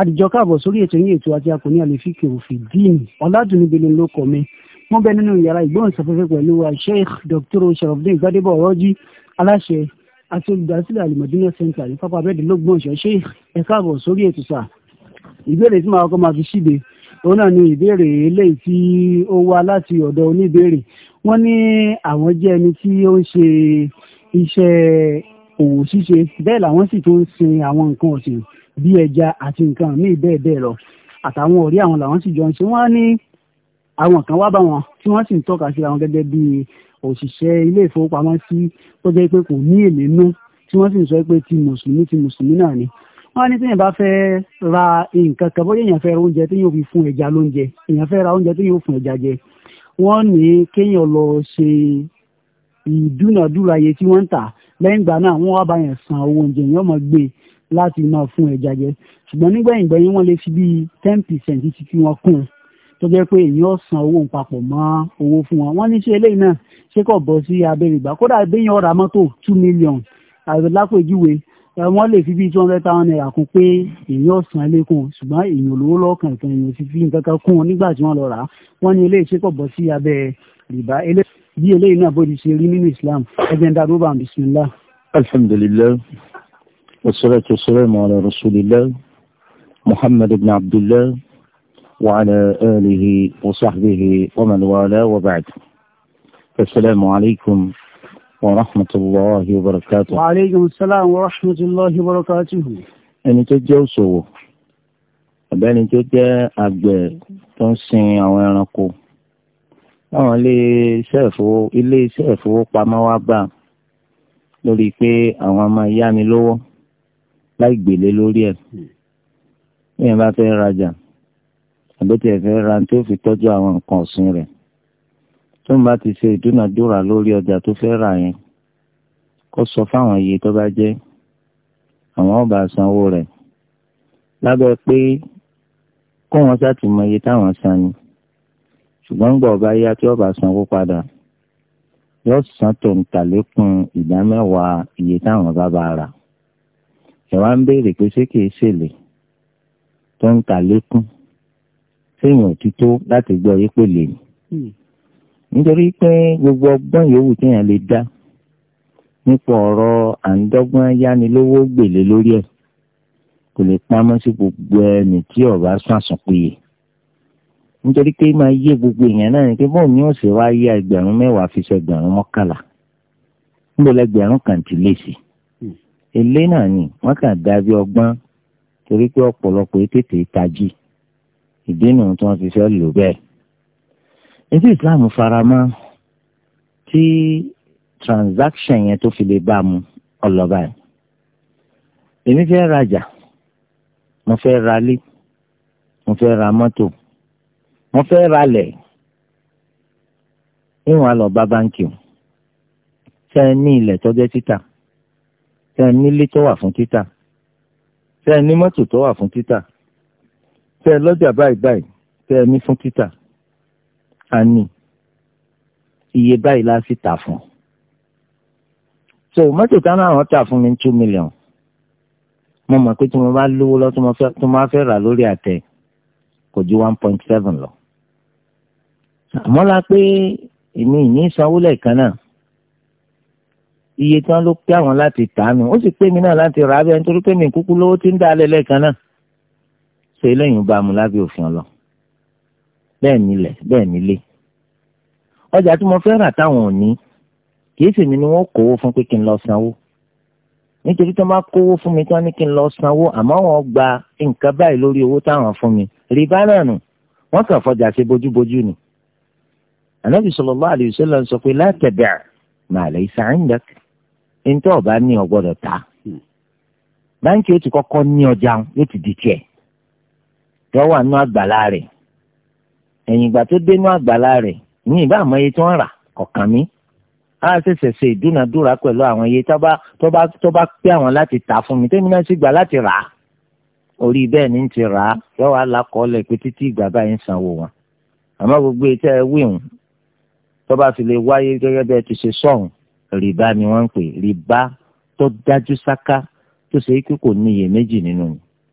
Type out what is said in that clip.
àdìjọ eh, káàbọ̀ sórí ètò yín ètò àti akọni àlefíkè òfin díìnì ọ̀làdùnúbele ló kọ́ mi wọ́n bẹ nínú yàrá ìgbóhùnsáfẹ́fẹ́ pẹ̀lú wa sheikh dr sharafdin gbadebo ọ̀rọ́jì aláṣẹ àti olùdásílẹ̀ alimọ̀dúnà center ní pápá abẹ́ẹ̀dì lọ́gbọ̀n ọ̀ṣọ́ sheikh ẹ káàbọ̀ sórí ètò sà ìbéèrè tí màá kọ́ máa fi ṣíde òun náà ni ìbéèrè eléyìí tí ó wá láti ọ̀dọ̀ oníbéèrè wọ́n ní àwọn jẹ́ ẹni tí ó ń ṣe iṣẹ́ òwò ṣíṣe bẹ́ẹ̀ làwọn sì tún ń sin àwọn nǹkan ọ̀sìn bíi ẹja àti nǹkan míì bẹ́ẹ̀ bẹ́ẹ̀ lọ àtàwọn ọ̀rẹ́ àwọn làwọn sì jọ ń ṣe wọ́n á ní àwọn kan wá bá wọn tí wọ́n sì ń tọ́ka sí àwọn gẹ́gẹ́ bíi òṣìṣẹ́ ilé ìfowópamọ́sí tó jẹ́ pé kò ní èlé nú tí wọ́n sì ń sọ pé ti mùsùlùmí ti mùsùlùmí náà ni wọ́n á ní téèyàn bá fẹ́ ra nǹkan kan bóyá èèyàn fẹ́ ra oúnjẹ téèyàn fi fún ẹja lóúnjẹ èèyàn fẹ́ ra oúnjẹ téèyàn fún ẹja jẹ wọ́n ní kéèyàn lọ ṣe ìdúnàdúrà iye tí wọ́n ń tà lẹ́yìn ìgbà náà wọ́n wá bá yẹn san owó oúnjẹ yẹn ọmọ gbé e láti máa fún ẹja jẹ ṣùgbọ́n nígbẹ̀yìn gbẹ̀yìn wọ́n lè fi bíi ten percent ti kí wọ́n kún un tó jẹ́ pé èyí ó san owó papọ̀ mọ́ owó fún wọn wọ́n ní ṣe eléyìí náà ṣé kò bọ́ sí abẹ́rẹ́ ìgbà kódà béèyàn ra mọ́tò two million lápèjúwe wọ́n lè fi bíi two hundred thousand naira kún pé èyí ó san lẹ́kùn ṣùgbọ́n èyàn lówó lọ́kàn kan èyàn ti fi nǹkan kan kún un nígbà tí wọ́n lọ rà á wọ́n ní eléyìí ṣé kò bọ́ sí abẹ́ rìbá bí eléyìí náà bó ti ṣe rí nínú Islam ẹgbẹ́ ń darúgbà bismillah. alhamdulilayi والصلاة والسلام على رسول الله محمد بن عبد الله وعلى آله وصحبه ومن والاه وبعد السلام عليكم ورحمة الله وبركاته وعليكم السلام ورحمة الله وبركاته ẹni tó jẹ́ òṣòwò àbẹ́ni tó jẹ́ àgbẹ̀ tó ń sin àwọn ẹranko láwọn ilé iṣẹ́ ìfowópamọ́ wá bá lórí pé àwọn máa yá mi lówó láì gbèlé lórí ẹ̀ hmm. èèyàn bá fẹ́ rajà àbẹ́tí ẹ̀ fẹ́ ra tí ó fi tọ́jú àwọn nǹkan ọ̀sìn rẹ̀ tó ń bá ti ṣe ìdúnàdúrà lórí ọjà tó fẹ́ rà yẹn kó sọ fáwọn iye tó bá jẹ́ àwọn ọba sanwó rẹ̀ lábẹ́ pé kó wọn ṣáàtì mọ iye táwọn san ni ṣùgbọ́n gbọ́ ọba yá tí ọba sanwó padà yóò san tó ń tà lékún ìdá mẹ́wàá iye táwọn bá bá rà ẹ wá ń béèrè pé ṣé kìí ṣèlè tó ń ta lékún séèyàn ò ti tó láti gbọ́ yé pé lè ní. Hmm. nítorí pé gbogbo ọgbọ́n yòówù téèyàn lè dá nípa ọ̀rọ̀ àǹdọ́gbọ́n yánilówó gbèlè lórí ẹ̀ kò lè pamọ́ sí gbogbo ẹni tí ọ̀rọ̀ asún àsùn péye. nítorí pé máa yé gbogbo èèyàn náà ni pé bóun ni ó wá yá ẹgbẹ̀rún mẹ́wàá fi ṣe mọ́kànlá níbo lẹgbẹ̀rún kan ti lè sí èlé náà ni wọ́n kà dábí ọgbọ́n torí pé ọ̀pọ̀lọpọ̀ tètè tají ìdínà tí wọ́n fi fẹ́ lò bẹ́ẹ̀. ètò ìsìláàmù faramọ́ tí transaction yẹn tó fi lè bá mu ọlọ́ba yìí. èmi fẹ́ rajà mo fẹ́ ralé mo fẹ́ ra mọ́tò mo fẹ́ ralẹ̀ níwọ̀n á bá báńkì o ṣe ní ilẹ̀ tọ́jọ́ títà ṣé ẹ nílé tó wà fún títà ṣé ẹ ní mọ́tò tó wà fún títà ṣé ẹ lọ́jà báyìí báyìí ṣé ẹ ní fún títà a ní iye báyìí la fi tà fún so mọ́tò táwọn àwọn tà fún mi two million mo mọ̀ pé tí mo bá lówó lọ tí mo bá fẹ́ rà lórí àtẹ kò ju one point seven lọ àmọ́ la pé èmi ìní sanwó lẹ́ẹ̀kan náà iye tí wọ́n ló pé àwọn láti tàánu ó sì pé mi náà láti rà á bẹ́ẹ̀ nítorí pé mi kúkú lówó ti ń dá alẹ́ lẹ́ẹ̀kan náà ṣe eléyìí bá mu lábẹ́ òfin ọlọ bẹ́ẹ̀ nílẹ̀ bẹ́ẹ̀ nílé ọjà tí mo fẹ́ rà táwọn ò ní kì í sì mí ni wọ́n kówó fún pé kí n lọ sanwó nítorí tó máa kówó fún mi tí wọ́n ní kí n lọ sanwó àmọ́ wọ́n gba nǹkan báyìí lórí owó táwọn fún mi rìbá náà nù kàn fọjà ṣe bójúbójú ni ànábì sallallahu alaihi wasallam sọ pé la tabi' ma laysa 'indak ntọ́ ọba ní ọgbọ́dọ̀ ta hmm. báńkì ó ti kọ́kọ́ ní ọjà yóò ti di tiẹ̀ yọ wà nú àgbàlá rẹ̀ ẹ̀yìn ìgbà tó dé nú àgbàlá rẹ̀ ní ìbá àmọ́ iye tí wọ́n rà kọ̀ọ̀kan mi á ṣẹ̀ṣẹ̀ ṣe ìdúnadúrà pẹ̀lú àwọn iye tó bá tó bá tó bá pé àwọn láti tà fún mi tẹ́mi náà sì gbà láti rà á orí bẹ́ẹ̀ ni ti rà á yọ wà lákọọ́lẹ̀ pé títí ìgbà báyìí ń sanwó wọn àmọ́ gbogbo ètò ẹ̀ wíwùn tó bá fi lè wáyé gẹ́gẹ́ bẹ́ẹ̀ ti ṣe sọ̀hún rìbá ni wọ́n ń pè rìbá tó dájú sáká tó ṣe é kí kò ní iyèméjì nínú ni.